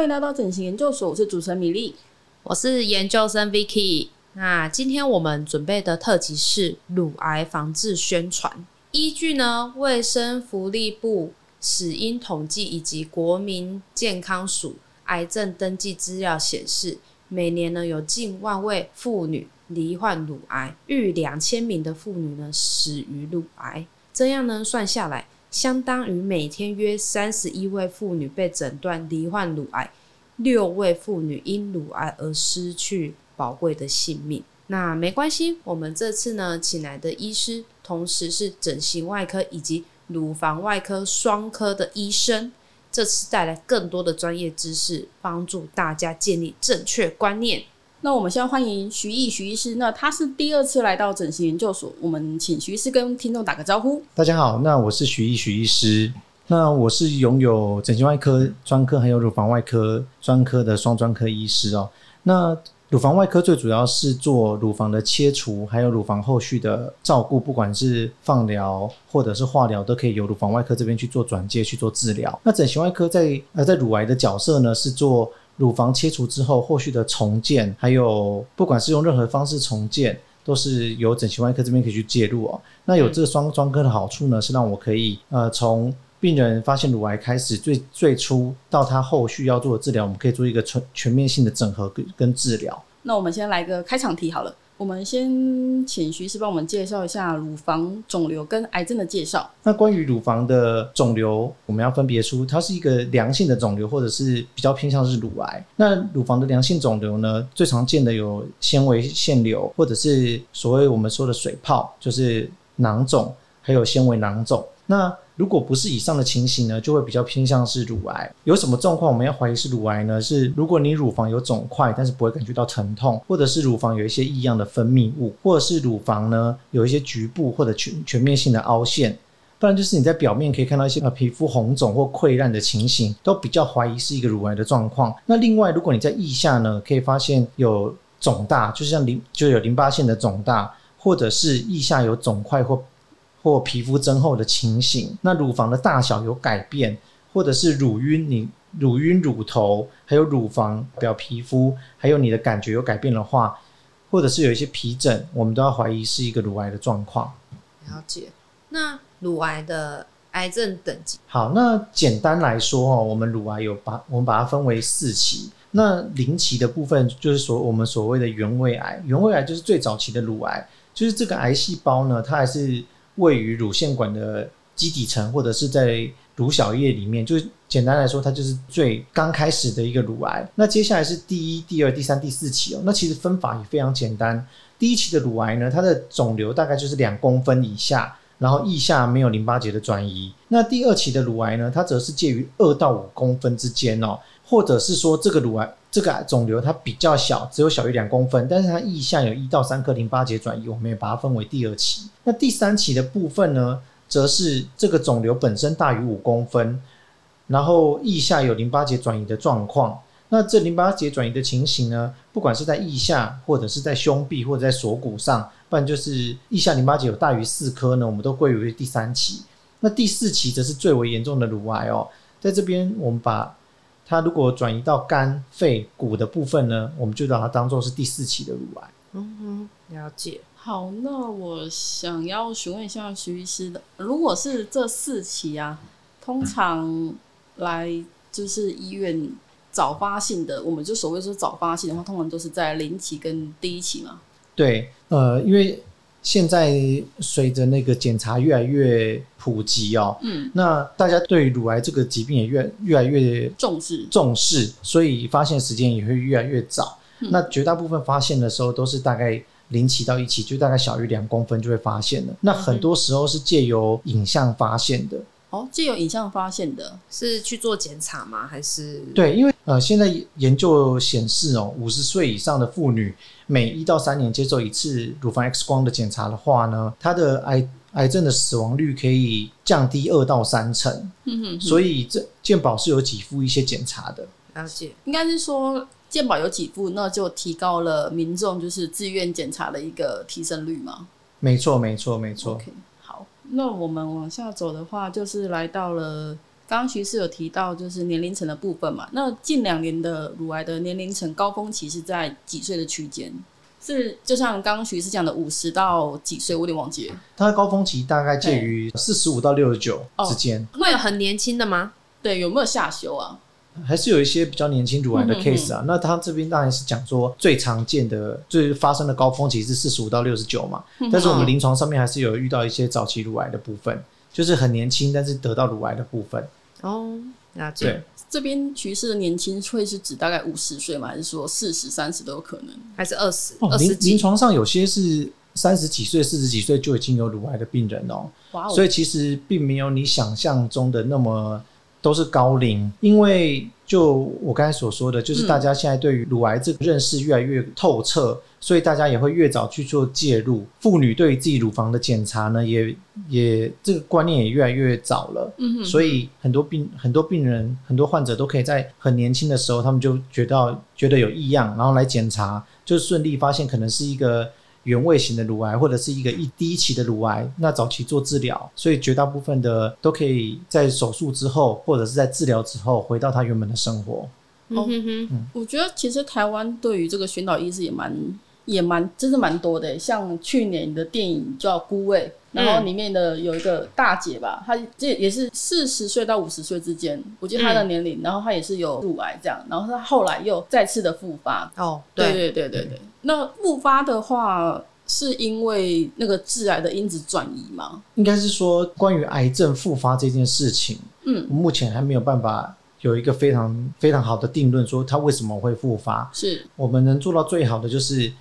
歡迎來到整形顏究所，我是主持人米粒。我是研究生 Vicky。那今天我們準備的特輯是乳癌防治宣傳。依據呢衛生福利部死因統計以及國民健康署癌症登記資料顯示，每年呢有近萬位婦女罹患乳癌，逾兩千名的婦女呢死於乳癌。這樣呢算下來。相當於每天約三十一位婦女被診斷罹患乳癌，六位婦女因乳癌而失去寶貴的性命。那沒關係，我們這次呢，請來的醫師同時是整形外科以及乳房外科雙科的醫生，這次帶來更多的專業知識，幫助大家建立正確觀念。那我們先歡迎徐詣徐醫師，那他是第二次來到整形研究所，我們請徐醫師跟聽眾打個招呼。大家好，那我是徐詣徐醫師，那我是擁有整形外科專科還有乳房外科專科的雙專科醫師哦。那乳房外科最主要是做乳房的切除，還有乳房後續的照顧，不管是放療或者是化療，都可以由乳房外科這邊去做轉介去做治療。那整形外科在呃在乳癌的角色呢是做。乳房切除之後，後續的重建，還有不管是用任何方式重建，都是由整形外科這邊可以去介入哦、喔。那有這個雙專科的好處呢，嗯、是讓我可以呃，從病人發現乳癌開始，最最初到他後續要做的治療，我們可以做一個全全面性的整合跟跟治療。那我們先來個開場題好了。我們先請徐醫師幫我們介紹一下乳房腫瘤跟癌症的介紹。那關於乳房的腫瘤，我們要分別出它是一個良性的腫瘤，或者是比較偏向是乳癌。那乳房的良性腫瘤呢，最常見的有纖維腺瘤，或者是所謂我們說的水泡，就是囊腫，還有纖維囊腫。那如果不是以上的情形呢，就會比較偏向是乳癌。有什麼狀況我們要懷疑是乳癌呢？是如果你乳房有腫塊，但是不會感覺到疼痛，或者是乳房有一些異樣的分泌物，或者是乳房呢有一些局部或者全全面性的凹陷，不然就是你在表面可以看到一些皮膚紅腫或潰爛的情形，都比較懷疑是一個乳癌的狀況。那另外，如果你在腋下呢可以發現有腫大，就是像淋就有淋巴腺的腫大，或者是腋下有腫塊或。或皮膚增厚的情形，那乳房的大小有改變，或者是乳暈、你乳暈、乳頭，還有乳房表皮膚，還有你的感覺有改變的話，或者是有一些皮疹，我們都要懷疑是一個乳癌的狀況。了解。那乳癌的癌症等級？好，那簡單來說哦，我們乳癌有把我們把它分為四期。那零期的部分就是所我們所謂的原位癌，原位癌就是最早期的乳癌，就是這個癌細胞呢，它還是。位於乳腺管的基底層，或者是在乳小葉裡面，就是簡單來說，它就是最剛開始的一個乳癌。那接下來是第一、第二、第三、第四期哦。那其實分法也非常簡單。第一期的乳癌呢，它的腫瘤大概就是兩公分以下，然後腋下沒有淋巴結的轉移。那第二期的乳癌呢，它則是介於二到五公分之間哦，或者是說這個乳癌。這個腫瘤它比較小，只有小於兩公分，但是它腋下有一到三顆淋巴結轉移，我們也把它分為第二期。那第三期的部分呢，則是這個腫瘤本身大於五公分，然後腋下有淋巴結轉移的狀況。那這淋巴結轉移的情形呢，不管是在腋下，或者是在胸壁，或者在鎖骨上，不然就是腋下淋巴結有大於四顆呢，我們都歸為第三期。那第四期則是最為嚴重的乳癌哦，在這邊我們把。它如果轉移到肝、肺、骨的部分呢，我們就把它當做是第四期的乳癌。嗯哼，了解。好，那我想要詢問一下徐醫師的，如果是這四期啊，通常來就是醫院早發性的，嗯，我們就所謂說早發性的話，通常都是在零期跟第一期嘛。對，呃，因為。現在隨着那個檢查越來越普及哦，嗯，那大家對乳癌這個疾病也越越來越重視重視，所以發現時間也會越來越早。嗯。那絕大部分發現的時候都是大概零期到一起，就大概小於兩公分就會發現了。那很多時候是借由影像發現的。嗯嗯哦，藉由有影像發現的，是去做檢查嗎？還是對，因為呃，現在研究顯示哦，五十歲以上的婦女每一到三年接受一次乳房 X 光的檢查的話呢，她的癌癌症的死亡率可以降低二到三成。嗯，所以這健保是有給付一些檢查的。了解，應該是說健保有給付，那就提高了民眾就是自願檢查的一個提升率嗎？沒錯，沒錯，沒錯。Okay. 那我們往下走的話，就是來到了剛剛徐氏有提到，就是年齡層的部分嘛。那近兩年的乳癌的年齡層高峰期是在幾歲的區間？是就像剛剛徐氏講的五十到幾歲，我有點忘記了。它的高峰期大概介於四十五到六十九之間。會有、哦、很年輕的嗎？對，有沒有下修啊？還是有一些比較年輕乳癌的 case 啊，嗯嗯，那他這邊當然是講說最常見的、最發生的高峰其實是四十五到六十九嘛，嗯，但是我們臨床上面還是有遇到一些早期乳癌的部分，就是很年輕但是得到乳癌的部分。哦，那對這邊其實的年輕，會是指大概五十歲嘛，還是說四十、三十都有可能，還是二十？哦，臨臨床上有些是三十幾歲、四十幾歲就已經有乳癌的病人哦，哇哦！所以其實並沒有你想象中的那麼。都是高齡，因為就我剛才所說的，就是大家現在對於乳癌這個認識越來越透徹，嗯，所以大家也會越早去做介入。婦女對於自己乳房的檢查呢，也也這個觀念也越來越早了。嗯哼，所以很多病很多病人很多患者都可以在很年輕的時候，他們就覺得覺得有異樣，然後來檢查，就順利發現可能是一個。原位型的乳癌或者是一個第一期的乳癌，那早期做治療，所以絕大部分的都可以在手術之後或者是在治療之後回到他原本的生活。嗯哼哼，嗯、我覺得其實台灣對於這個宣導意識也蠻也蠻，真、就是蠻多的。像去年的電影叫《孤味》。然後裡面的有一個大姐吧，嗯、她這也是四十歲到五十歲之間，我記得她的年齡、嗯。然後她也是有乳癌這樣，然後她後來又再次的復發。哦，對對對對對，對，對、嗯。那復發的話，是因為那個致癌的因子轉移嗎？應該是說關於癌症復發這件事情，嗯，目前還沒有辦法有一個非常非常好的定論，說它為什麼會復發。是。我們能做到最好的就是，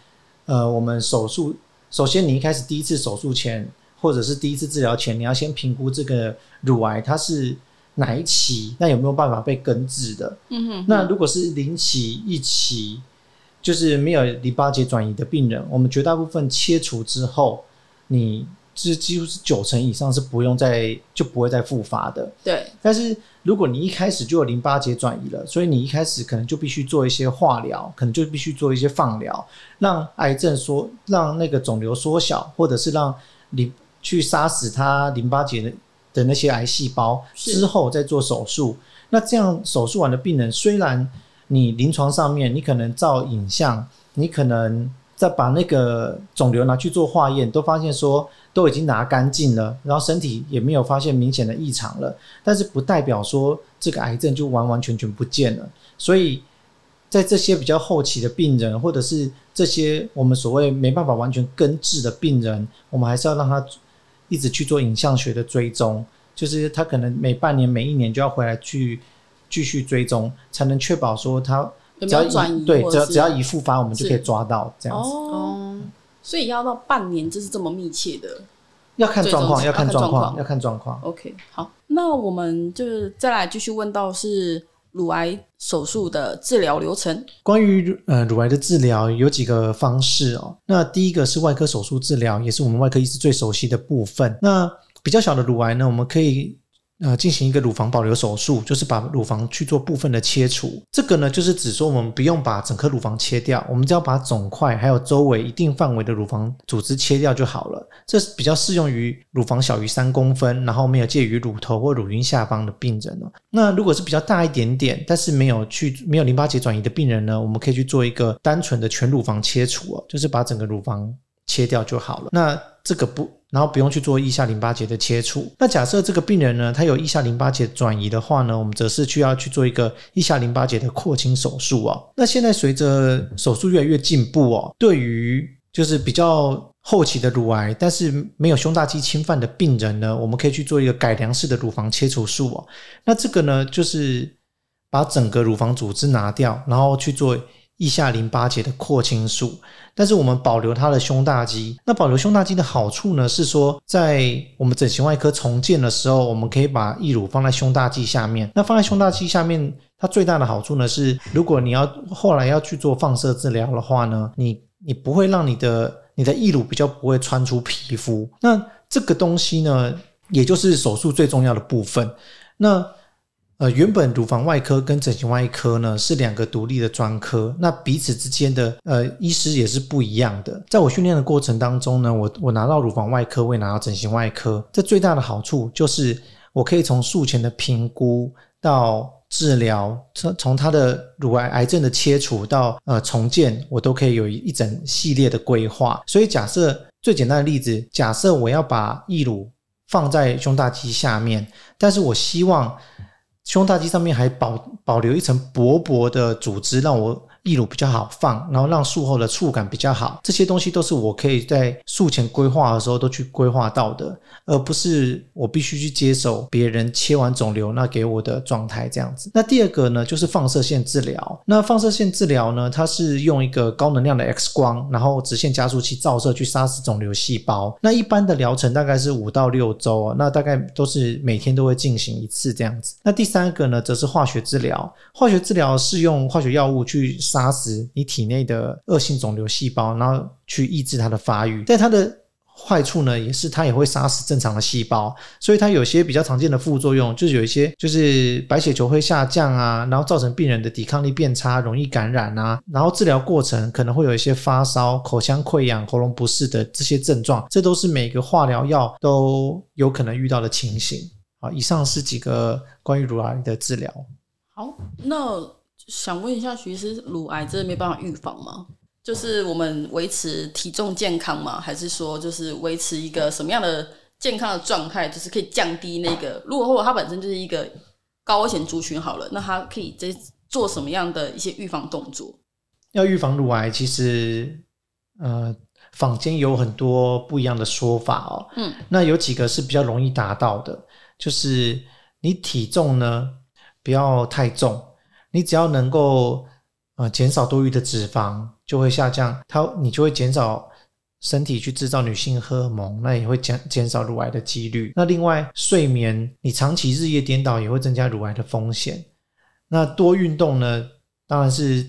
呃，我們手術，首先你一開始第一次手術前。或者是第一次治療前，你要先評估這個乳癌它是哪一期，那有沒有辦法被根治的？嗯哼哼。那如果是零期、一期，就是沒有淋巴結轉移的病人，我們絕大部分切除之後，你這幾乎是九成以上是不用再就不會再復發的。對。但是如果你一開始就有淋巴結轉移了，所以你一開始可能就必須做一些化療，可能就必須做一些放療，讓癌症縮，讓那個腫瘤縮小，或者是讓你。去殺死他淋巴結的的那些癌細胞之後再做手術，那這樣手術完的病人，雖然你臨床上面你可能照影像，你可能再把那個腫瘤拿去做化驗，都發現說都已經拿乾淨了，然後身體也沒有發現明顯的異常了，但是不代表說這個癌症就完完全全不見了。所以在這些比較後期的病人，或者是這些我們所謂沒辦法完全根治的病人，我們還是要讓他。一直去做影像學的追蹤，就是他可能每半年、每一年就要回來去繼續追蹤，才能確保說他只要有沒有轉移對，只要只要一復發，我們就可以抓到這樣子。哦、嗯，所以要到半年就是這麼密切的，要看狀況，要看狀況，要看狀況。OK，好，那我們就是再來繼續問到是。乳癌手術的治療流程，關於呃乳癌的治療有幾個方式哦。那第一個是外科手術治療，也是我們外科醫師最熟悉的部分。那比較小的乳癌呢，我們可以。呃，進行一個乳房保留手術，就是把乳房去做部分的切除。這個呢，就是指說我們不用把整顆乳房切掉，我們只要把腫塊還有周圍一定範圍的乳房組織切掉就好了。這是比較適用於乳房小於三公分，然後沒有介於乳頭或乳暈下方的病人了。那如果是比較大一點點，但是沒有去，沒有淋巴結轉移的病人呢，我們可以去做一個單純的全乳房切除，就是把整個乳房切掉就好了。那這個不，然後不用去做腋下淋巴結的切除。那假設這個病人呢，他有腋下淋巴結轉移的話呢，我們則是去要去做一個腋下淋巴結的廓清手術啊、哦。那現在隨着手術越來越進步哦，對於就是比較後期的乳癌，但是沒有胸大肌侵犯的病人呢，我們可以去做一個改良式的乳房切除術啊、哦。那這個呢，就是把整個乳房組織拿掉，然後去做。腋下淋巴結的廓清術，但是我們保留它的胸大肌。那保留胸大肌的好處呢，是說在我們整形外科重建的時候，我們可以把義乳放在胸大肌下面。那放在胸大肌下面，它最大的好處呢是，如果你要後來要去做放射治療的話呢，你你不會讓你的你的義乳比較不會穿出皮膚。那這個東西呢，也就是手術最重要的部分。那呃，原本乳房外科跟整形外科呢是兩個獨立的專科，那彼此之間的呃醫師也是不一樣的。在我訓練的過程當中呢，我我拿到乳房外科，我也拿到整形外科。這最大的好處就是我可以從術前的評估到治療，從從他的乳癌癌症的切除到呃重建，我都可以有一整系列的規劃。所以假設最簡單的例子，假設我要把義乳放在胸大肌下面，但是我希望。胸大肌上面還保保留一層薄薄的組織，讓我。義乳比較好放，然後讓術後的觸感比較好，這些東西都是我可以在術前規劃的時候都去規劃到的，而不是我必須去接手別人切完腫瘤那給我的狀態這樣子。那第二個呢，就是放射線治療。那放射線治療呢，它是用一個高能量的 X 光，然後直線加速器照射去殺死腫瘤細胞。那一般的療程大概是五到六周，那大概都是每天都會進行一次這樣子。那第三個呢，則是化學治療。化學治療是用化學藥物去。殺死你體內的惡性腫瘤細胞，然後去抑制它的發育。但它的壞處呢，也是它也會殺死正常的細胞，所以它有些比較常見的副作用，就是有一些就是白血球會下降啊，然後造成病人的抵抗力變差，容易感染啊。然後治療過程可能會有一些發燒、口腔潰瘍、喉嚨不適的這些症狀，這都是每個化療藥都有可能遇到的情形。好，以上是幾個關於乳癌的治療。好，那。想問一下，其實乳癌真的沒辦法預防嗎？就是我們維持體重健康嗎？還是說，就是維持一個什麼樣的健康的狀態，就是可以降低那個？如果或者他本身就是一個高危險族群，好了，那他可以再做什麼樣的一些預防動作？要預防乳癌，其實呃，坊間有很多不一樣的說法哦。嗯，那有幾個是比較容易達到的，就是你體重呢不要太重。你只要能夠呃減少多餘的脂肪，就會下降它，你就會減少身體去制造女性荷爾蒙，那也會減減少乳癌的幾率。那另外睡眠，你長期日夜顛倒也會增加乳癌的風險。那多運動呢，當然是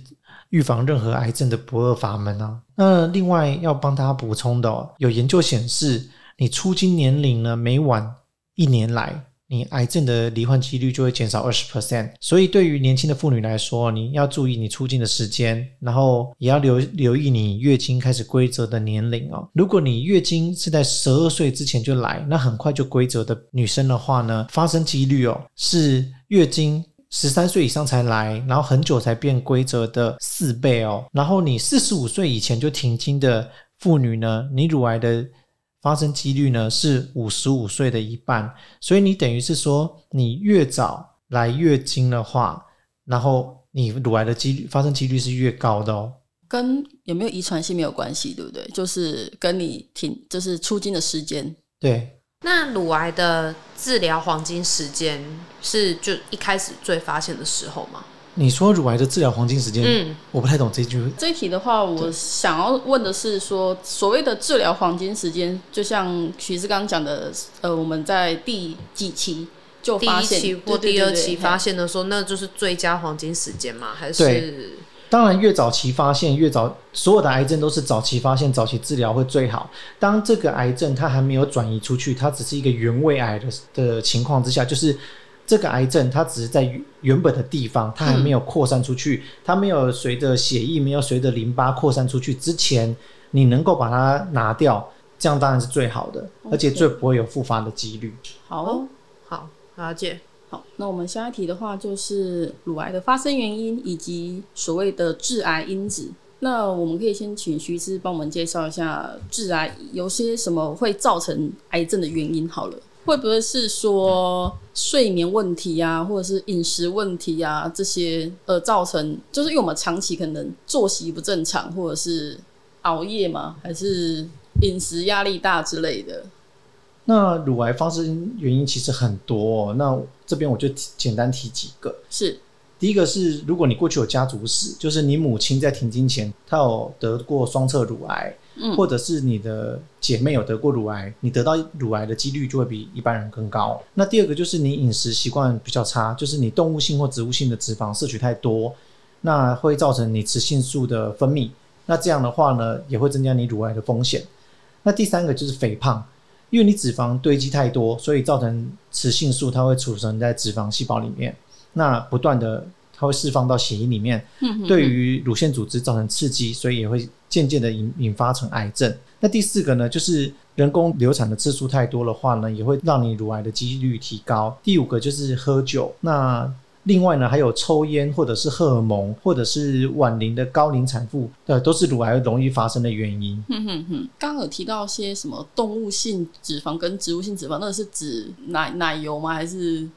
預防任何癌症的不二法門啊。那另外要幫大家補充的，哦，有研究顯示，你初經年齡呢每晚一年來。你癌症的罹患幾率就會減少20%，所以對於年輕的婦女來說，你要注意你初經的時間，然後也要留留意你月經開始規則的年齡哦。如果你月經是在十二歲之前就來，那很快就規則的女生的話呢，發生幾率哦是月經十三歲以上才來，然後很久才變規則的四倍哦。然後你四十五歲以前就停經的婦女呢，你乳癌的。發生幾率呢是五十五歲的一半，所以你等於是說，你越早來月經的話，然後你乳癌的幾率發生幾率是越高的哦、喔。跟有沒有遺傳性沒有關係，對不對？就是跟你停，就是初經的時間。對。那乳癌的治療黃金時間是就一開始最發現的時候嗎？你說乳癌的治療黃金時間，嗯，我不太懂這句話。這一題的話，我想要問的是說，所謂的治療黃金時間，就像徐醫師剛講的，呃，我們在第幾期就發現，第一期或第二期發現的時候，嗯，那就是最佳黃金時間嗎？還是？對，當然，越早期發現越早，所有的癌症都是早期發現、早期治療會最好。當這個癌症它還沒有轉移出去，它只是一個原位癌的的情況之下，就是。這個癌症它只是在原本的地方，它還沒有擴散出去，嗯，它沒有隨着血液、沒有隨着淋巴擴散出去之前，你能夠把它拿掉，這樣當然是最好的，okay. 而且最不會有復發的幾率。好，oh, 好，阿姐，好，那我們下一題的話就是乳癌的發生原因以及所謂的致癌因子。那我們可以先請徐醫師幫我們介紹一下致癌有些什麼會造成癌症的原因。好了。會不會是，是說睡眠問題啊，或者是飲食問題啊這些，呃，造成就是因為我們長期可能作息不正常，或者是熬夜嘛，還是飲食壓力大之類的？那乳癌發生原因其實很多哦，那這邊我就簡單提幾個。是。第一個是，如果你過去有家族史，就是你母親在停經前她有得過雙側乳癌，或者是你的姐妹有得過乳癌，你得到乳癌的幾率就會比一般人更高。那第二個就是你飲食習慣比較差，就是你動物性或植物性的脂肪攝取太多，那會造成你雌性素的分泌。那這樣的話呢，也會增加你乳癌的風險。那第三個就是肥胖，因為你脂肪堆積太多，所以造成雌性素它會儲存在脂肪細胞裡面。那不斷的，它會釋放到血液裡面，嗯哼哼，對於乳腺組織造成刺激，所以也會漸漸的引引發成癌症。那第四個呢，就是人工流產的次數太多的話呢，也會讓你乳癌的幾率提高。第五個就是喝酒，那另外呢還有抽菸或者是荷爾蒙或者是晚齡的高齡產婦，都是乳癌容易發生的原因。哼、嗯、哼哼，剛剛有提到些什麼動物性脂肪跟植物性脂肪，那是指奶奶油嗎？還是？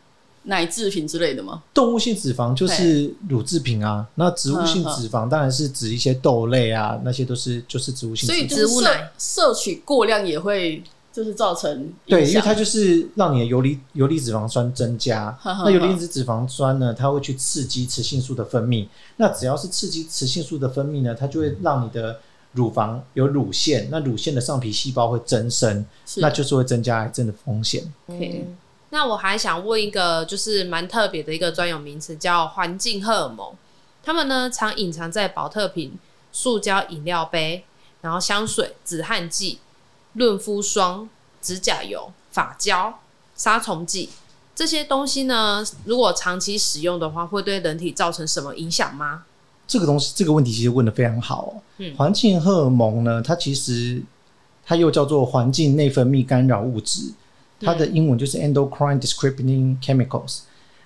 奶製品之類的嗎？動物性脂肪就是乳製品啊，那植物性脂肪當然是指一些豆類啊，呵呵那些都是就是植物性脂肪。所以植物奶攝取過量也會就是造成影響。對，因為它就是讓你的游離游離脂肪酸增加，呵呵呵那游離脂脂肪酸呢，它會去刺激雌性素的分泌。那只要是刺激雌性素的分泌呢，它就會讓你的乳房有乳腺，那乳腺的上皮細胞會增生，那就是會增加癌症的風險。嗯嗯。那我還想問一個，就是蠻特別的一個專有名詞，叫環境荷爾蒙。他們呢常隱藏在保特瓶、塑膠飲料杯，然後香水、止汗劑、潤膚霜、指甲油、髮膠、殺蟲劑這些東西呢，如果長期使用的話，會對人體造成什麼影響嗎？這個東西，這個問題其實問得非常好。嗯，環境荷爾蒙呢，它其實它又叫做環境內分泌干擾物質。它的英文就是 endocrine disrupting chemicals，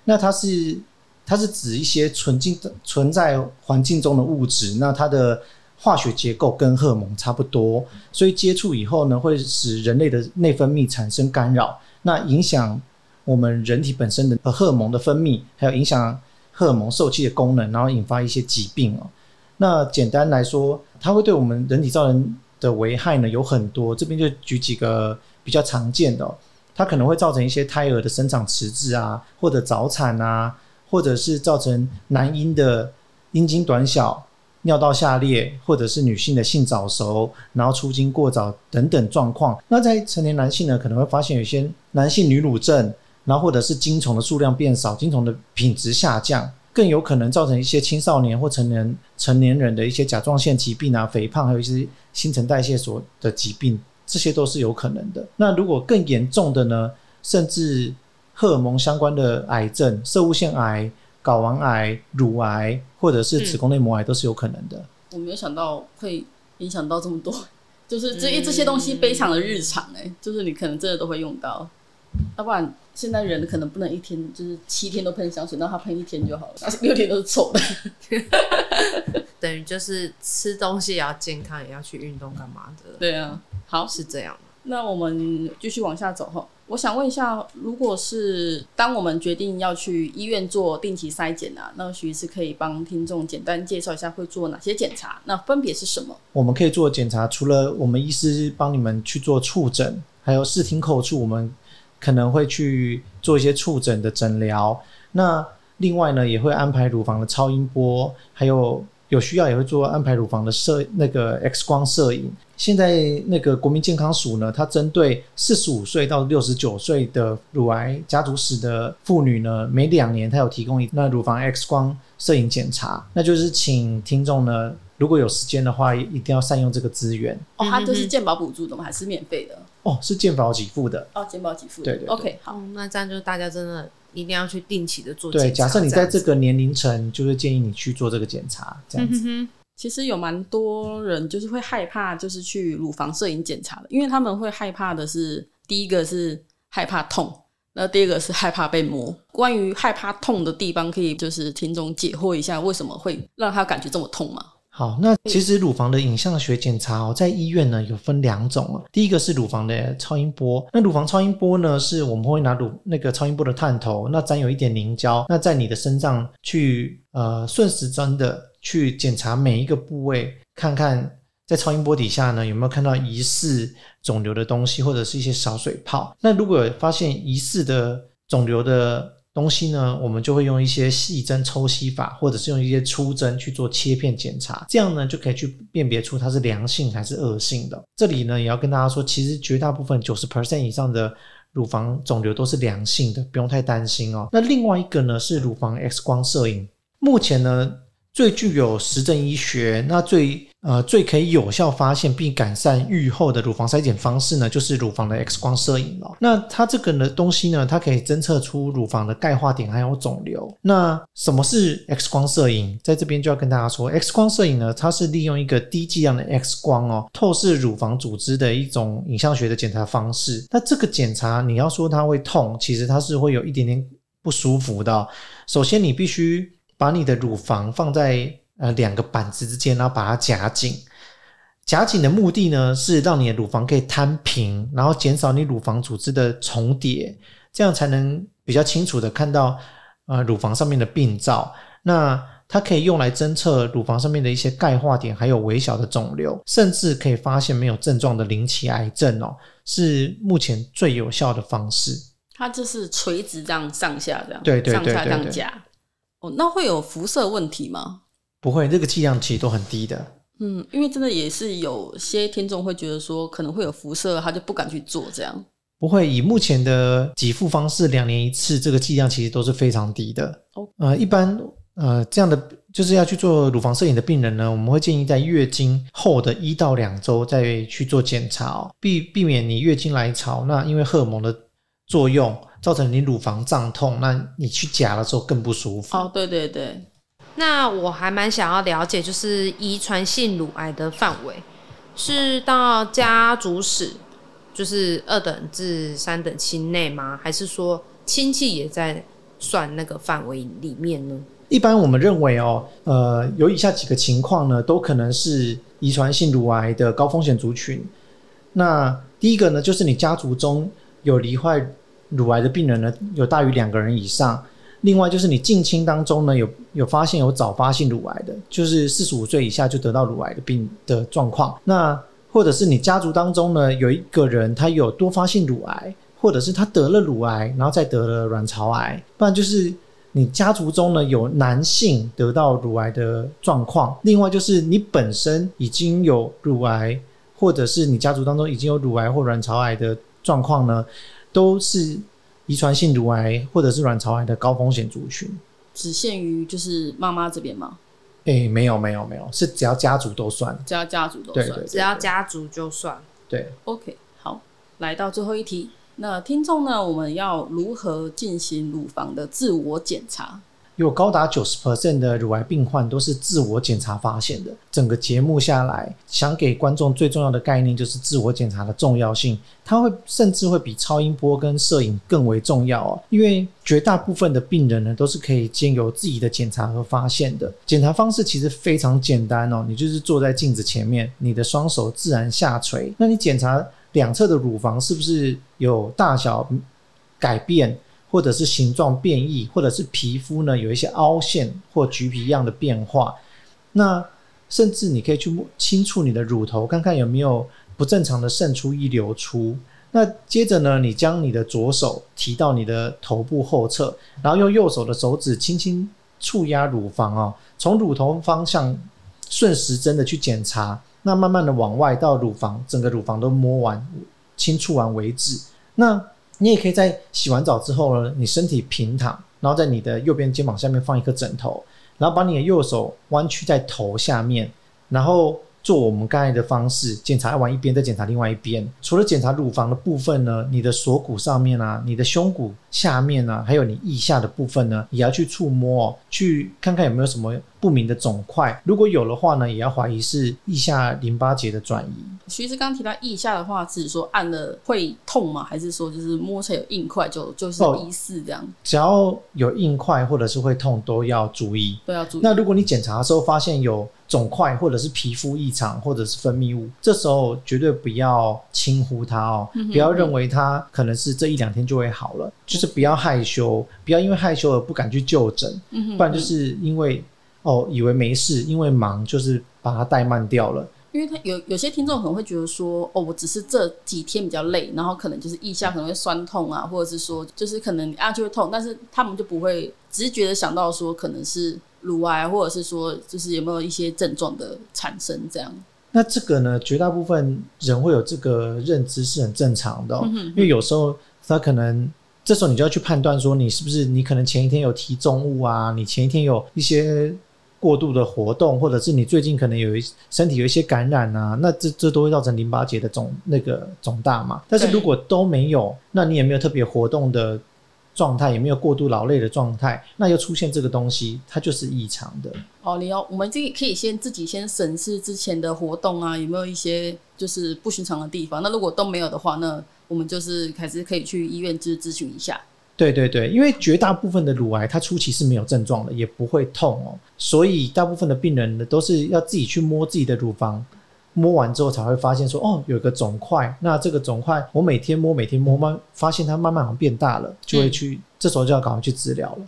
那它是它是指一些純淨存在環境中的物質，那它的化學結構跟荷爾蒙差不多，所以接觸以後呢，會使人類的內分泌產生干擾，那影響我們人體本身的荷爾蒙的分泌，還有影響荷爾蒙受器的功能，然後引發一些疾病哦。那簡單來說，它會對我們人體造成的危害呢有很多，這邊就舉幾個比較常見的哦。它可能會造成一些胎兒的生長遲滯啊，或者早產啊，或者是造成男嬰的陰莖短小、尿道下裂，或者是女性的性早熟，然後初經過早等等狀況。那在成年男性呢，可能會發現有些男性女乳症，然後或者是精蟲的數量變少、精蟲的品質下降，更有可能造成一些青少年或成年成年人的一些甲狀腺疾病啊、肥胖，還有一些新陳代謝所的疾病。這些都是有可能的。那如果更嚴重的呢？甚至荷爾蒙相關的癌症，攝護腺癌、睾丸癌、乳癌，或者是子宮內膜癌，都是有可能的。嗯、我沒有想到會影響到這麼多，就是這這些東西非常的日常哎、欸嗯，就是你可能真的都會用到。要不然現在人可能不能一天就是七天都噴香水，那他噴一天就好了，六天都是臭的。 等於就是吃東西也要健康，也要去運動，幹嘛的？對啊。好，是這樣。那我們繼續往下走後，我想問一下，如果是當我們決定要去醫院做定期篩檢呢、啊？那徐醫師可以幫聽眾簡單介紹一下會做哪些檢查？那分別是什麼？我們可以做檢查，除了我們醫師幫你們去做觸診，還有視、聽、叩觸，我們可能會去做一些觸診的診療。那另外呢，也會安排乳房的超音波，還有有需要也會做安排乳房的攝那個 X 光攝影。現在那個國民健康署呢，它針對四十五歲到六十九歲的乳癌家族史的婦女呢，每兩年它有提供一那乳房 X 光攝影檢查，那就是請聽眾呢，如果有時間的話，也一定要善用這個資源。哦，它就是健保補助的嗎？還是免費的？哦，是健保給付的。哦，健保給付。對對、對、對。OK、okay，好、哦，那這樣就大家真的一定要去定期的做檢查這樣子。對，假設你在這個年齡層，就是建議你去做這個檢查，這樣子。嗯哼其實有蠻多人就是會害怕，就是去乳房攝影檢查的，因為他們會害怕的是第一個是害怕痛，那第二個是害怕被摸。關於害怕痛的地方，可以就是聽眾解惑一下，為什麼會讓他感覺這麼痛嗎？好，那其實乳房的影像學檢查哦，在醫院呢有分兩種啊。第一個是乳房的超音波，那乳房超音波呢，是我們會拿乳那個超音波的探頭，那沾有一點凝膠，那在你的身上去呃順時針的去檢查每一個部位，看看在超音波底下呢有沒有看到疑似腫瘤的東西，或者是一些小水泡。那如果有發現疑似的腫瘤的。東西呢，我們就會用一些細針抽吸法，或者是用一些粗針去做切片檢查，這樣呢就可以去辨別出它是良性還是惡性的。這裡呢也要跟大家說，其實絕大部分九十 percent 以上的乳房腫瘤都是良性的，不用太擔心哦。那另外一個呢是乳房 X 光攝影，目前呢最具有實證醫學，那最。呃，最可以有效發現並改善預後的乳房篩檢方式呢，就是乳房的 X 光攝影了，哦。那它這個呢東西呢，它可以偵測出乳房的鈣化點還有腫瘤。那什麼是 X 光攝影？在這邊就要跟大家說，X 光攝影呢，它是利用一個低劑量的 X 光哦，透視乳房組織的一種影像學的檢查方式。那這個檢查你要說它會痛，其實它是會有一點點不舒服的，哦。首先，你必須把你的乳房放在。呃，兩個板子之間，然後把它夾緊。夾緊的目的呢，是讓你的乳房可以攤平，然後減少你乳房組織的重疊，這樣才能比較清楚的看到，呃，乳房上面的病灶。那它可以用來偵測乳房上面的一些鈣化點，還有微小的腫瘤，甚至可以發現沒有症狀的零期癌症哦，是目前最有效的方式。它就是垂直這樣上下這樣，對對對對對，對上下這樣夾。哦，那會有輻射問題嗎？不會，這個劑量其實都很低的。嗯，因為真的也是有些聽眾會覺得說可能會有輻射，他就不敢去做這樣。不會，以目前的給付方式，兩年一次，這個劑量其實都是非常低的。哦。呃，一般呃這樣的就是要去做乳房攝影的病人呢，我們會建議在月經後的一到兩周再去做檢查，避避免你月經來潮，那因為荷爾蒙的作用造成你乳房脹痛，那你去夾的時候更不舒服。哦，對對對對。那我還蠻想要了解，就是遺傳性乳癌的範圍是到家族史，就是二等至三等親內嗎？還是說親戚也在算那個範圍裡面呢？一般我們認為哦，呃，有以下幾個情況呢，都可能是遺傳性乳癌的高風險族群。那第一個呢，就是你家族中有罹患乳癌的病人呢，有大於兩個人以上。另外就是你近親當中呢，有有發現有早發性乳癌的，就是四十五歲以下就得到乳癌的病的狀況。那或者是你家族當中呢，有一個人他有多發性乳癌，或者是他得了乳癌然後再得了卵巢癌，不然就是你家族中呢，有男性得到乳癌的狀況。另外就是你本身已經有乳癌，或者是你家族當中已經有乳癌或卵巢癌的狀況呢，都是。遺傳性乳癌或者是卵巢癌的高風險族群，只限於就是媽媽這邊嗎？哎、欸，沒有沒有沒有，是只要家族都算，只要家族都算，對對對對，只要家族就算。對，OK，好，來到最後一題，那聽眾呢？我們要如何進行乳房的自我檢查？有高達九十%的乳癌病患都是自我檢查發現的。整個節目下來，想給觀眾最重要的概念就是自我檢查的重要性。它會甚至會比超音波跟攝影更為重要哦，因為絕大部分的病人呢都是可以經由自己的檢查而發現的。檢查方式其實非常簡單哦，你就是坐在鏡子前面，你的雙手自然下垂，那你檢查兩側的乳房是不是有大小改變？或者是形狀變異，或者是皮膚呢有一些凹陷或橘皮一樣的變化，那甚至你可以去摸輕觸你的乳頭，看看有沒有不正常的滲出、溢流出。那接着呢，你將你的左手提到你的頭部後側，然後用右手的手指輕輕觸壓乳房哦，從乳頭方向順時針的去檢查，那慢慢的往外到乳房，整個乳房都摸完、輕觸完為止。那你也可以在洗完澡之後呢，你身體平躺，然後在你的右邊肩膀下面放一個枕頭，然後把你的右手彎曲在頭下面，然後。做我們剛才的方式，檢查完一邊再檢查另外一邊。除了檢查乳房的部分呢，你的鎖骨上面啊，你的胸骨下面啊，還有你腋下的部分呢，也要去觸摸、哦，去看看有沒有什麼不明的腫塊。如果有的話呢，也要懷疑是腋下淋巴結的轉移。徐醫師剛剛提到腋下的話，只是說按了會痛嗎？還是說就是摸起來有硬塊就就是疑似這樣？Oh, 只要有硬塊或者是會痛都要注意，都要注意。那如果你檢查的時候發現有腫塊或者是皮膚異常，或者是分泌物，這時候絕對不要輕忽它哦，不要認為它可能是這一兩天就會好了，就是不要害羞，不要因為害羞而不敢去就診，不然就是因為哦以為沒事，因為忙就是把它怠慢掉了。因為他有有些聽眾可能會覺得說，哦，我只是這幾天比較累，然後可能就是腋下可能會痠痛啊，或者是說就是可能啊就會痛，但是他們就不會，只是覺得想到說可能是。乳癌，或者是說，就是有沒有一些症狀的產生？這樣，那這個呢，絕大部分人會有這個認知是很正常的喔，嗯，因為有時候他可能這時候你就要去判斷說，你是不是你可能前一天有提重物啊，你前一天有一些過度的活動，或者是你最近可能有一身體有一些感染啊，那這這都會造成淋巴結的腫那個腫大嘛。但是如果都沒有，那你也沒有特別活動的狀態也沒有過度勞累的狀態，那又出現這個東西，它就是異常的。哦，你要我們自己可以先自己先審視之前的活動啊，有沒有一些就是不尋常的地方？那如果都沒有的話，那我們就是還是可以去醫院就是諮詢一下。對對對，因為絕大部分的乳癌它初期是沒有症狀的，也不會痛哦，所以大部分的病人呢都是要自己去摸自己的乳房。摸完之後才會發現說，哦，有一個腫塊。那這個腫塊，我每天摸，每天摸，慢發現它慢慢好像變大了，就會去，嗯、這時候就要趕快去治療了。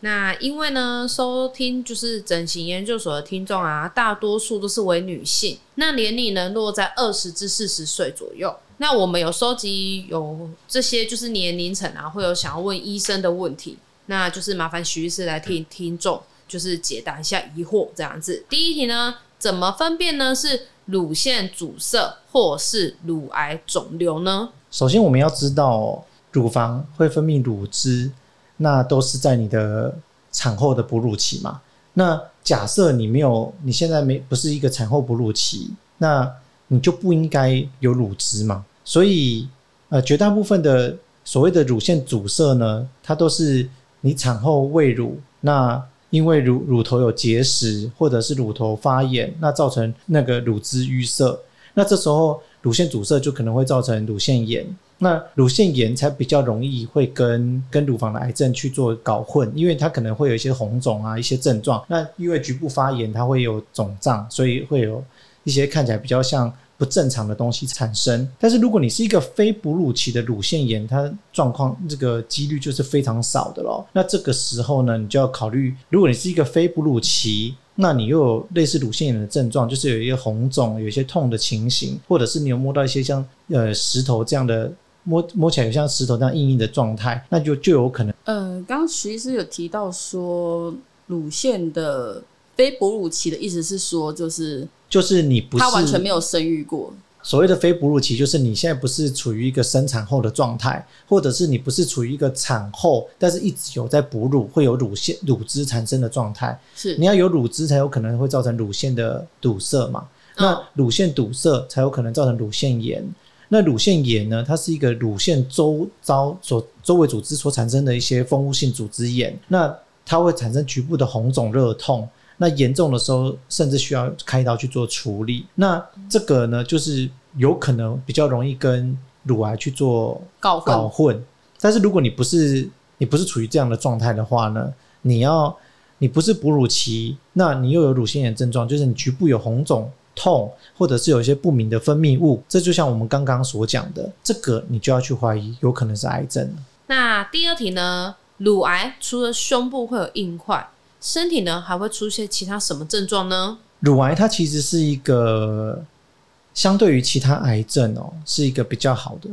那因為呢，收聽就是整形顏究所的聽眾啊，大多數都是為女性，那年齡呢落在二十至四十歲左右。那我們有收集有這些就是年齡層啊，會有想要問醫生的問題，那就是麻煩徐醫師來聽聽眾。嗯就是解答一下疑惑這樣子。第一題呢，怎麼分辨呢？是乳腺阻塞或是乳癌腫瘤呢？首先我們要知道，乳房會分泌乳汁，那都是在你的產後的哺乳期嘛。那假設你沒有，你現在沒不是一個產後哺乳期，那你就不應該有乳汁嘛。所以，呃，絕大部分的所謂的乳腺阻塞呢，它都是你產後餵乳那。因為乳乳頭有結石，或者是乳頭發炎，那造成那個乳汁淤塞，那這時候乳腺阻塞就可能會造成乳腺炎，那乳腺炎才比較容易會跟跟乳房的癌症去做搞混，因為它可能會有一些紅腫啊，一些症狀，那因為局部發炎它會有腫脹，所以會有一些看起來比較像。不正常的東西產生，但是如果你是一個非哺乳期的乳腺炎，它狀況這個幾率就是非常少的咯。那這個時候呢，你就要考慮，如果你是一個非哺乳期，那你又有類似乳腺炎的症狀，就是有一些紅腫、有一些痛的情形，或者是你有摸到一些像呃石頭這樣的摸摸起來有像石頭那樣硬硬的狀態，那就就有可能。嗯、呃，剛剛徐醫師有提到說，乳腺的非哺乳期的意思是說就是。就是你不是，她完全沒有生育過。所謂的非哺乳期，就是你現在不是處於一個生產後的狀態，或者是你不是處於一個產後，但是一直有在哺乳，會有乳腺乳汁產生的狀態。是，你要有乳汁才有可能會造成乳腺的堵塞嘛。哦。那乳腺堵塞才有可能造成乳腺炎。那乳腺炎呢？它是一個乳腺周遭所周圍組織所產生的一些蜂窩性組織炎。那它會產生局部的紅腫熱痛。那嚴重的時候，甚至需要開刀去做處理。那這個呢，就是有可能比較容易跟乳癌去做搞混。告但是如果你不是你不是處於這樣的狀態的話呢，你要你不是哺乳期，那你又有乳腺炎症狀，就是你局部有紅腫痛，或者是有一些不明的分泌物，這就像我們剛剛所講的，這個你就要去懷疑有可能是癌症。那第二題呢？乳癌除了胸部會有硬塊。身體呢，還會出現其他什麼症狀呢？乳癌它其實是一個相對於其他癌症喔，是一個比較好的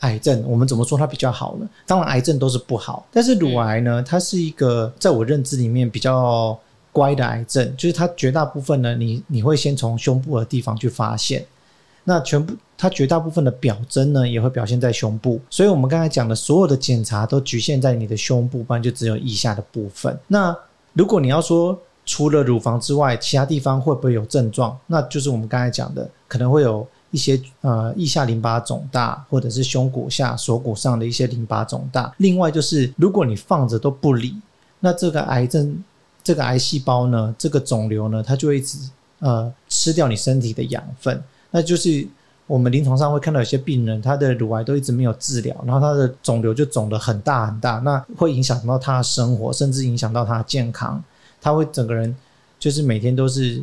癌症。我們怎麼說它比較好呢？當然癌症都是不好，但是乳癌呢，它是一個在我認知裡面比較乖的癌症。就是它絕大部分呢，你你會先從胸部的地方去發現，那全部它絕大部分的表徵呢，也會表現在胸部。所以我們剛才講的所有的檢查都局限在你的胸部，不然就只有以下的部分。那如果你要說除了乳房之外，其他地方會不會有症狀？那就是我們剛才講的，可能會有一些呃腋下淋巴腫大，或者是胸骨下、鎖骨上的一些淋巴腫大。另外就是，如果你放着都不理，那這個癌症、這個癌細胞呢，這個腫瘤呢，它就會一直呃吃掉你身體的養分，那就是。我們臨床上會看到，有些病人，他的乳癌都一直沒有治療，然後他的腫瘤就腫得很大很大，那會影響到他的生活，甚至影響到他的健康。他會整個人就是每天都是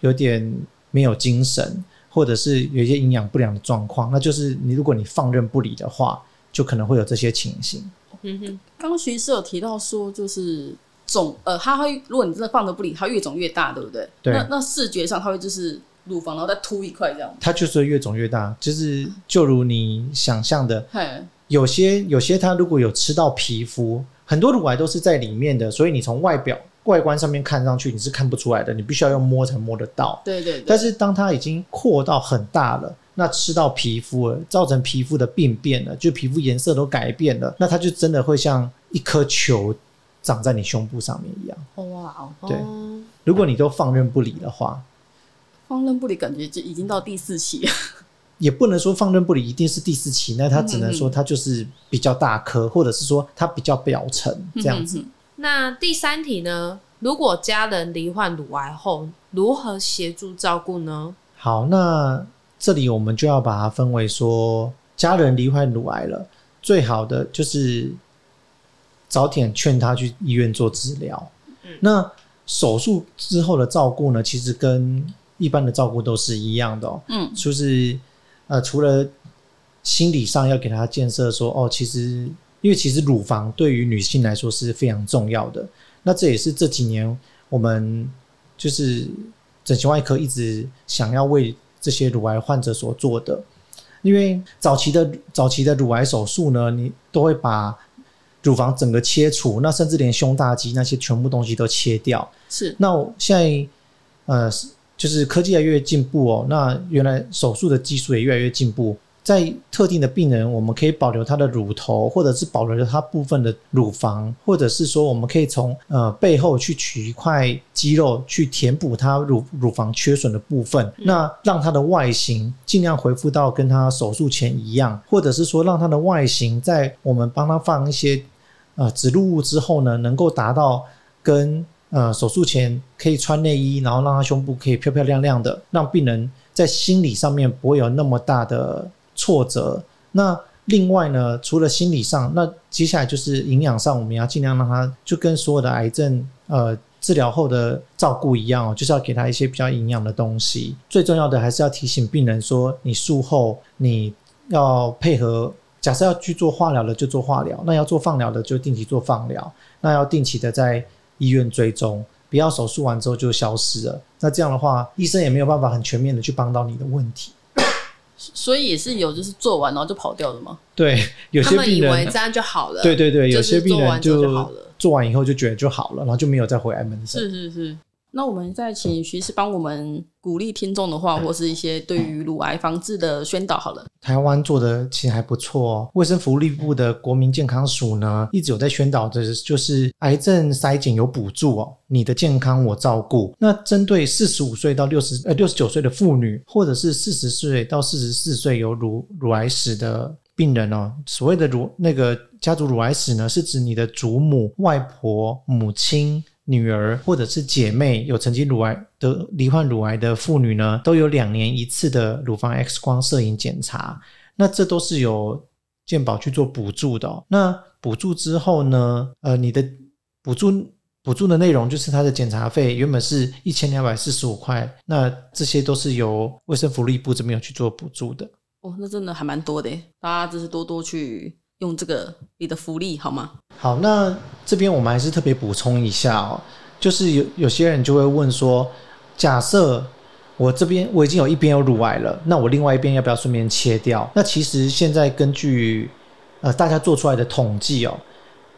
有點沒有精神，或者是有一些營養不良的狀況。那就是你如果你放任不理的話，就可能會有這些情形。嗯哼，剛剛徐醫師有提到說，就是腫，呃，他會如果你真的放著不理，他越腫越大，對不對？對。那那視覺上，他會就是。乳房，然後再凸一塊這樣。它就是越腫越大，就是就如你想象的、嗯，有些有些它如果有吃到皮膚，很多乳癌都是在裡面的，所以你從外表外觀上面看上去你是看不出來的，你必須要用摸才摸得到。嗯、對，對對。但是當它已經擴到很大了，那吃到皮膚了，造成皮膚的病變了，就皮膚顏色都改變了，那它就真的會像一顆球長在你胸部上面一樣。哦哇哦！對哦，如果你都放任不理的話。放任不理，感覺就已經到第四期了。也不能說放任不理一定是第四期，那他只能說他就是比較大顆、嗯嗯，或者是說他比較表層這樣子。嗯嗯嗯。那第三題呢？如果家人罹患乳癌後，如何協助照顧呢？好，那這裡我們就要把它分為說，家人罹患乳癌了，最好的就是早點勸他去醫院做治療、嗯。那手術之後的照顧呢？其實跟一般的照顧都是一樣的，哦，嗯，就是呃，除了心理上要給他建設，說哦，其實因為其實乳房對於女性來說是非常重要的，那這也是這幾年我們就是整形外科一直想要為這些乳癌患者所做的，因為早期的早期的乳癌手術呢，你都會把乳房整個切除，那甚至連胸大肌那些全部東西都切掉，是。那我現在呃。就是科技越來越進步哦，那原來手術的技術也越來越進步。在特定的病人，我們可以保留他的乳頭，或者是保留了他部分的乳房，或者是說我們可以從呃背後去取一塊肌肉去填補他乳乳房缺損的部分，嗯，那讓他的外形盡量恢復到跟他手術前一樣，或者是說讓他的外形在我們幫他放一些呃植入物之後呢，能夠達到跟。呃，手術前可以穿內衣，然後讓她胸部可以漂漂亮亮的，讓病人在心理上面不會有那麼大的挫折。那另外呢，除了心理上，那接下來就是營養上，我們要儘量讓她就跟所有的癌症呃治療後的照顧一樣哦，就是要給她一些比較營養的東西。最重要的還是要提醒病人說，你術後你要配合，假設要去做化療的就做化療，那要做放療的就定期做放療，那要定期的在。醫院追蹤，不要手術完之後就消失了。那這樣的話，醫生也沒有辦法很全面的去幫到你的問題。所以也是有就是做完然後就跑掉的嗎？對，有些病人他們以為這樣就好了，對對對，就是，就好了。對對對，有些病人就做完以後就覺得就好了，然後就沒有再回門診。是是是。那我們再請徐醫師幫我們鼓勵聽眾的話，或是一些對於乳癌防治的宣導好了。台灣做的其實還不錯哦。衛生福利部的國民健康署呢，一直有在宣導的就是癌症篩檢有補助哦。你的健康我照顧。那針對四十五歲到六十呃六十九歲的婦女，或者是四十歲到四十四歲有乳乳癌史的病人哦，所謂的乳那個家族乳癌史呢，是指你的祖母、外婆、母親。女兒或者是姐妹有曾經乳癌的罹患乳癌的婦女呢，都有兩年一次的乳房 X 光攝影檢查，那這都是由健保去做補助的哦。那補助之後呢，呃，你的補助補助的內容就是它的檢查費原本是一千兩百四十五塊，那這些都是由衛生福利部怎麼樣去做補助的？哦，那真的還蠻多的，大家就是多多去。用這個你的福利好嗎？好，那這邊我們還是特別補充一下哦，就是有有些人就會問說，假設我這邊我已經有一邊有乳癌了，那我另外一邊要不要順便切掉？那其實現在根據呃大家做出來的統計哦，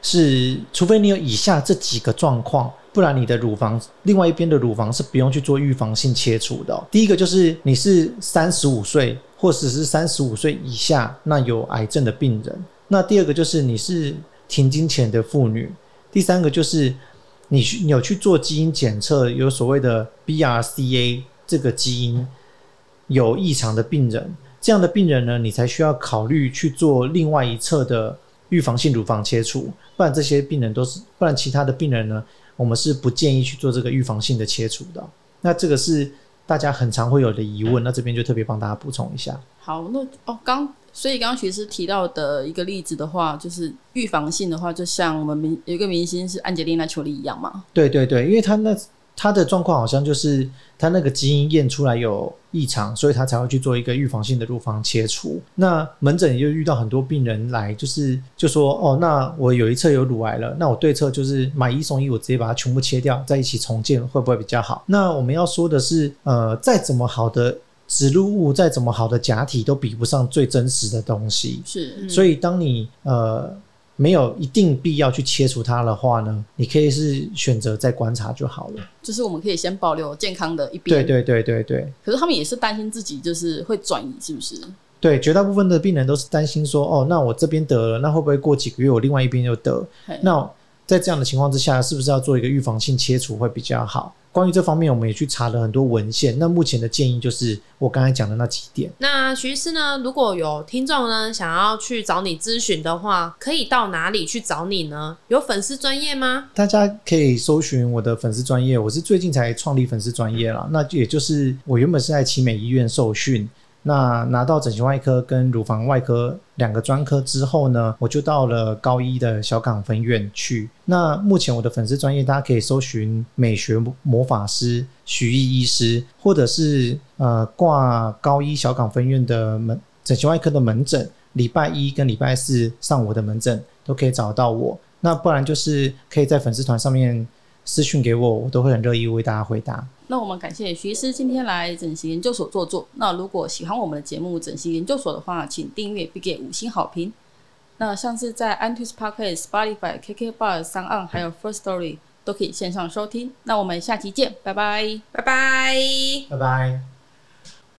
是除非你有以下這幾個狀況，不然你的乳房另外一邊的乳房是不用去做預防性切除的喔。第一個就是你是三十五歲或者是三十五歲以下，那有癌症的病人。那第二個就是你是停經前的婦女，第三個就是你去你有去做基因檢測，有所謂的 BRCA 這個基因有異常的病人，這樣的病人呢，你才需要考慮去做另外一側的預防性乳房切除，不然這些病人都是，不然其他的病人呢，我們是不建議去做這個預防性的切除的。那這個是大家很常會有的疑問，那這邊就特別幫大家補充一下。好，那哦剛。所以剛剛徐醫師提到的一個例子的話，就是預防性的話，就像我們明有一個明星是安潔莉娜·裘莉一樣嘛。對對對，因為他那他的狀況好像就是他那個基因驗出來有異常，所以他才會去做一個預防性的乳房切除。那門診又遇到很多病人來，就是就說哦，那我有一側有乳癌了，那我對側就是買一送一，我直接把它全部切掉，再一起重建會不會比較好？那我們要說的是，呃，再怎麼好的。植入物，再怎麼好的假體都比不上最真實的東西，是。嗯，所以當你呃沒有一定必要去切除它的話呢，你可以是選擇再觀察就好了。就是我們可以先保留健康的一邊。對對對對對。可是他們也是擔心自己就是會轉移，是不是？對，絕大部分的病人都是擔心說，哦，那我這邊得了，那會不會過幾個月我另外一邊又得？那在這樣的情況之下，是不是要做一個預防性切除會比較好？關於這方面，我們也去查了很多文獻。那目前的建議就是我剛才講的那幾點。那徐醫師呢？如果有聽眾呢，想要去找你諮詢的話，可以到哪裡去找你呢？有粉絲專業嗎？大家可以搜尋我的粉絲專業。我是最近才創立粉絲專業啦。那也就是我原本是在奇美醫院受訓。那拿到整形外科跟乳房外科兩個專科之後呢，我就到了高醫的小港分院去。那目前我的粉絲專業，大家可以搜尋“美學魔法師”徐詣醫師，或者是呃掛高醫小港分院的門整形外科的門診，禮拜一跟禮拜四上我的門診都可以找到我。那不然就是可以在粉絲團上面。私訊給我，我都會很樂意為大家回答。那我們感謝徐醫師今天來整形顏究所坐坐。那如果喜歡我們的節目《整形顏究所》的話，請訂閱並給五星好評。那像是在 Apple Podcast、Spotify、KKBox、SoundOn，還有 First Story、嗯、都可以線上收聽。那我們下期見，拜拜，拜拜，拜拜。